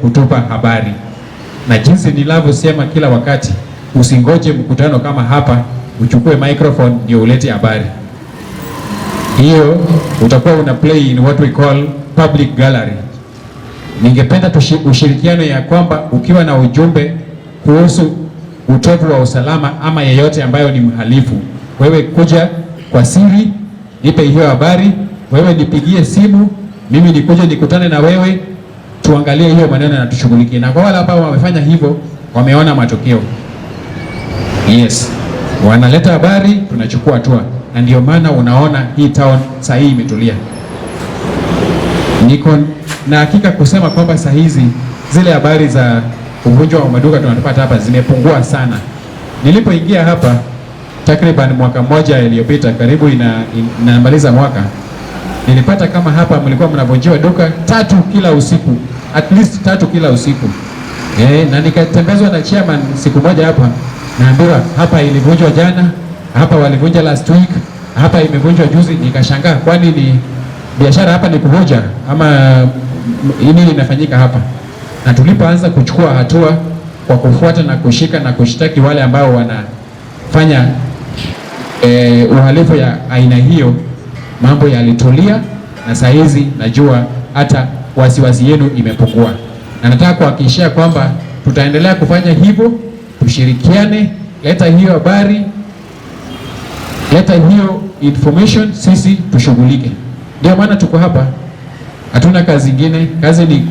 Kutupa habari na jinsi ninavyosema kila wakati, usingoje mkutano kama hapa uchukue microphone ndio ulete habari hiyo. Utakuwa una play in what we call public gallery. Ningependa ushirikiano ya kwamba ukiwa na ujumbe kuhusu utovu wa usalama ama yeyote ambayo ni mhalifu, wewe kuja kwa siri, nipe hiyo habari, wewe nipigie simu, mimi nikuje nikutane na wewe tuangalie hiyo maneno na tushughulikie, na kwa wale ambao wamefanya hivyo wameona matokeo. Yes, wanaleta habari, tunachukua hatua, na ndio maana unaona hii town saa hii imetulia. Niko na hakika kusema kwamba saa hizi zile habari za uvunjwa wa maduka tunapata hapa zimepungua sana. Nilipoingia hapa takriban mwaka mmoja iliyopita, karibu ina, inamaliza mwaka, nilipata kama hapa mlikuwa mnavunjiwa duka tatu kila usiku at least tatu kila usiku eh, na nikatembezwa na chairman siku moja hapa, naambiwa hapa ilivunjwa jana, hapa walivunja last week, hapa imevunjwa juzi. Nikashangaa, kwani ni biashara hapa ni kuvunja ama nini inafanyika hapa? Na tulipoanza kuchukua hatua kwa kufuata na kushika na kushtaki wale ambao wanafanya e, uhalifu ya aina hiyo, mambo yalitulia, na saa hizi najua hata wasiwasi yenu imepungua, na nataka kuhakikishia kwamba tutaendelea kufanya hivyo. Tushirikiane, leta hiyo habari, leta hiyo information, sisi tushughulike. Ndio maana tuko hapa, hatuna kazi ingine. Kazi ni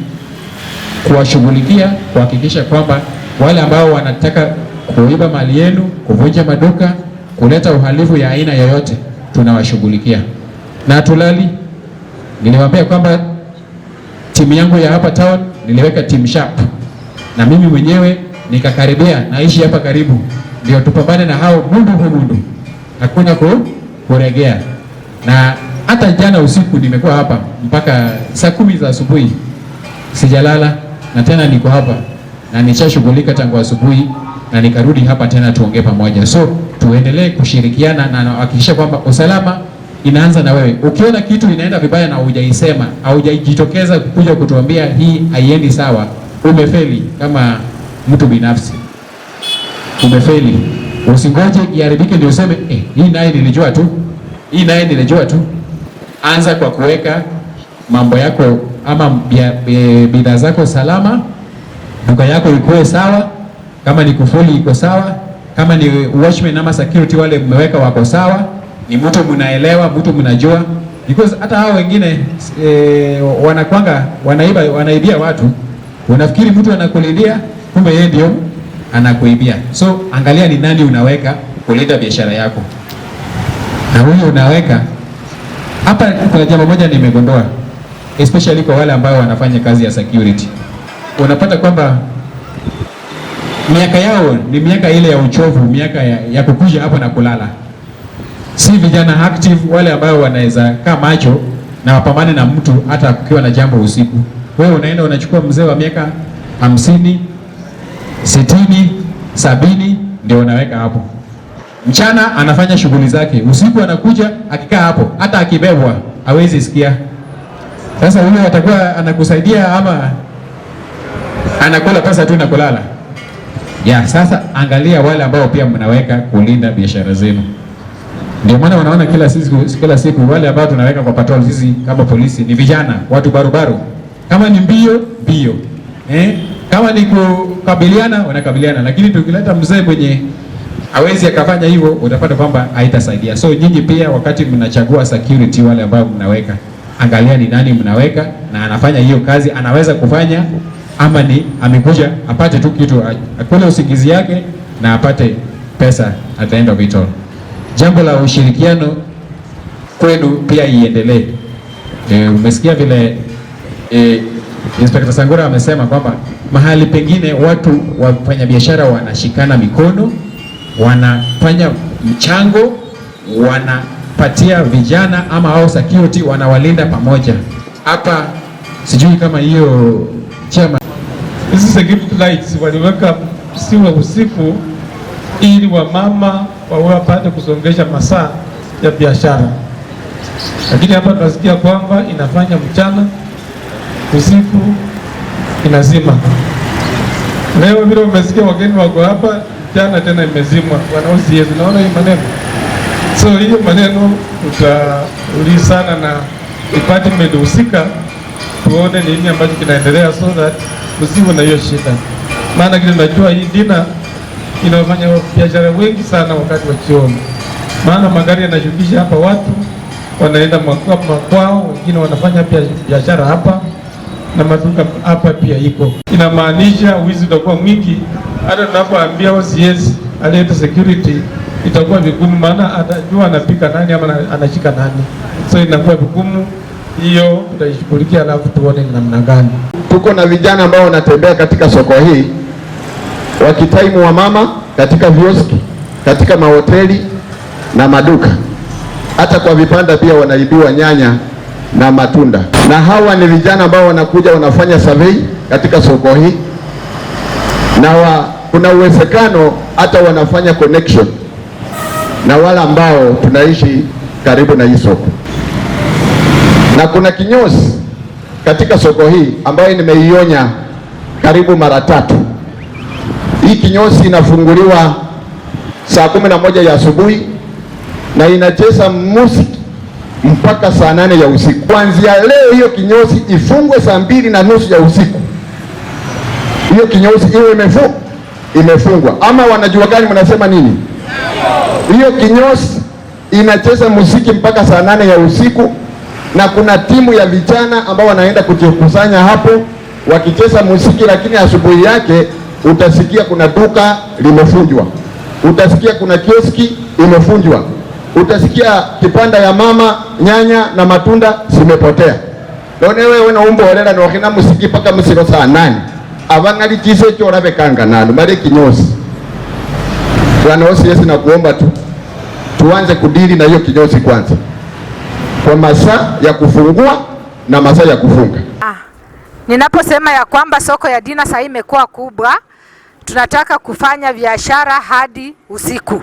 kuwashughulikia, kuhakikisha kwamba wale ambao wanataka kuiba mali yenu, kuvunja maduka, kuleta uhalifu ya aina yoyote, tunawashughulikia na tulali. Niliwaambia kwamba timu yangu ya hapa town niliweka team sharp, na mimi mwenyewe nikakaribia, naishi hapa karibu, ndio tupambane na hao mundu kwa mundu, hakuna kuregea. Na hata jana usiku nimekuwa hapa mpaka saa kumi za asubuhi, sijalala na tena niko hapa na nishashughulika tangu asubuhi na nikarudi hapa tena tuongee pamoja, so tuendelee kushirikiana na nahakikisha kwamba usalama inaanza na wewe. Ukiona kitu inaenda vibaya na hujaisema, haujajitokeza kuja kutuambia hii haiendi sawa, umefeli kama mtu binafsi, umefeli. Usingoje iharibike ndio useme eh, hii naye nilijua tu, hii naye nilijua tu. Anza kwa kuweka mambo yako ama e, bidhaa zako salama, duka yako ikuwe sawa, kama ni kufuli iko sawa, kama ni watchman ama security wale mmeweka wako sawa ni mtu mnaelewa, mtu mnajua, because hata hao wengine e, eh, wanakwanga wanaiba, wanaibia watu, unafikiri mtu anakulindia, kumbe yeye ndio anakuibia. So angalia ni nani unaweka kulinda biashara yako, na huyo unaweka hapa. Kuna jambo moja nimegondoa, especially kwa wale ambao wanafanya kazi ya security, unapata kwamba miaka yao ni miaka ile ya uchovu, miaka ya, ya kukuja hapa na kulala si vijana active wale ambao wanaweza kaa macho na wapambane na mtu hata kukiwa na jambo usiku. Wewe unaenda unachukua mzee wa miaka hamsini, sitini, sabini ndio unaweka hapo. Mchana anafanya shughuli zake, usiku anakuja akikaa hapo, hata akibebwa hawezi sikia. Sasa yule atakuwa anakusaidia ama anakula pesa tu na kulala? Ya, sasa angalia wale ambao pia mnaweka kulinda biashara zenu. Ndio maana wanaona kila siku, kila siku wale ambao tunaweka kwa patrol sisi kama polisi ni vijana, watu barubaru. Kama ni mbio mbio, eh, kama ni kukabiliana wanakabiliana, lakini tukileta mzee mwenye hawezi akafanya hivyo, utapata kwamba haitasaidia. So nyinyi pia, wakati mnachagua security, wale ambao mnaweka, angalia ni nani mnaweka na anafanya hiyo kazi, anaweza kufanya ama ni amekuja apate tu kitu akule usingizi yake na apate pesa at the end of it all jambo la ushirikiano kwenu pia iendelee. E, umesikia vile e, Inspekta Sangura amesema kwamba mahali pengine watu wafanya biashara wanashikana mikono, wanafanya mchango, wanapatia vijana ama au security wanawalinda pamoja. Hapa sijui kama hiyo chama hizi security lights waliweka siwe usiku ili wamama wawe apate kusongesha masaa ya biashara, lakini hapa tunasikia kwamba inafanya mchana, usiku inazima. Leo vile umesikia wageni wako hapa, jana tena imezimwa, wanaosiezi. Naona hii maneno so hiyo maneno utaulii sana na department husika, tuone nini ambacho kinaendelea so that usiwe na hiyo shida, maana kile tunajua hii dina ina biashara wengi sana wakati wa jioni, maana magari yanashukisha hapa watu wanaenda makwao, wengine wanafanya biashara hapa na maduka hapa pia iko. Inamaanisha wizi utakuwa mwingi, hata tunapoambia OCS alete security itakuwa vigumu, maana atajua anapika nani ama anashika nani, so inakuwa vigumu. Hiyo tutaishughulikia, alafu tuone namna gani. Tuko na vijana ambao wanatembea katika soko hii wakitaimu wa mama katika vioski, katika mahoteli na maduka, hata kwa vipanda pia wanaibiwa nyanya na matunda. Na hawa ni vijana ambao wanakuja wanafanya survey katika soko hii, na wa, kuna uwezekano hata wanafanya connection na wale ambao tunaishi karibu na hii soko, na kuna kinyozi katika soko hii ambayo nimeionya karibu mara tatu. Hii kinyozi inafunguliwa saa kumi na moja ya asubuhi na inacheza muziki mpaka saa nane ya usiku. Kuanzia leo hiyo kinyozi ifungwe saa mbili na nusu ya usiku, hiyo kinyozi iwe imefungwa, imefungwa. Ama wanajua gani mnasema nini? Hiyo kinyozi inacheza muziki mpaka saa nane ya usiku, na kuna timu ya vijana ambao wanaenda kujikusanya hapo wakicheza muziki, lakini asubuhi yake utasikia kuna duka limefunjwa utasikia kuna kioski imefunjwa utasikia kipanda ya mama nyanya na matunda zimepotea. none wewe naumbolela nokhina musiki paka musiro saa nane avang'ali chiso kanga nalo male kinyosi wanaosiesi na kuomba tu tuanze kudili na hiyo kinyosi kwanza, kwa masaa ya kufungua na masaa ya kufunga ah. Ninaposema ya kwamba soko ya Dina sasa imekuwa kubwa, tunataka kufanya biashara hadi usiku,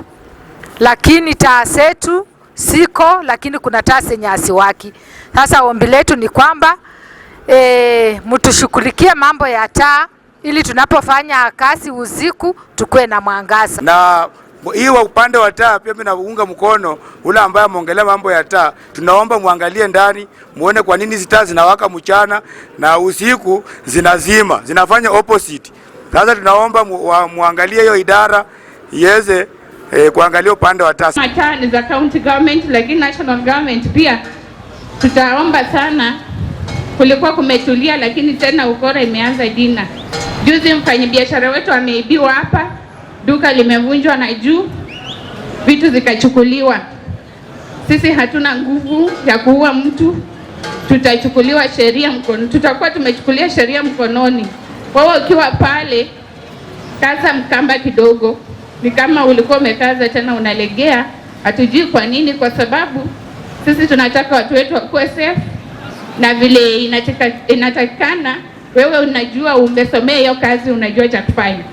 lakini taa zetu siko, lakini kuna taa zenye asiwaki. Sasa ombi letu ni kwamba e, mtushughulikie mambo ya taa ili tunapofanya kazi usiku tukuwe na mwangaza na hiyo upande wa taa pia mimi naunga mkono ule ambaye ameongelea mambo ya taa. Tunaomba muangalie ndani muone kwa nini hizi taa zinawaka mchana na usiku zinazima, zinafanya opposite. Sasa tunaomba muangalie hiyo idara iweze eh, kuangalia upande wa taa. Taa ni za county government, lakini national government pia tutaomba sana. Kulikuwa kumetulia, lakini tena ukora imeanza dina. Juzi mfanyabiashara wetu ameibiwa hapa duka limevunjwa na juu vitu zikachukuliwa. Sisi hatuna nguvu ya kuua mtu, tutachukuliwa sheria mkononi, tutakuwa tumechukulia sheria mkononi. Wewe ukiwa pale, kaza mkamba kidogo, ni kama ulikuwa umekaza tena unalegea. Hatujui kwa nini, kwa sababu sisi tunataka watu wetu wakuwe safe na vile inatakikana. Wewe unajua, umesomea hiyo kazi, unajua cha kufanya.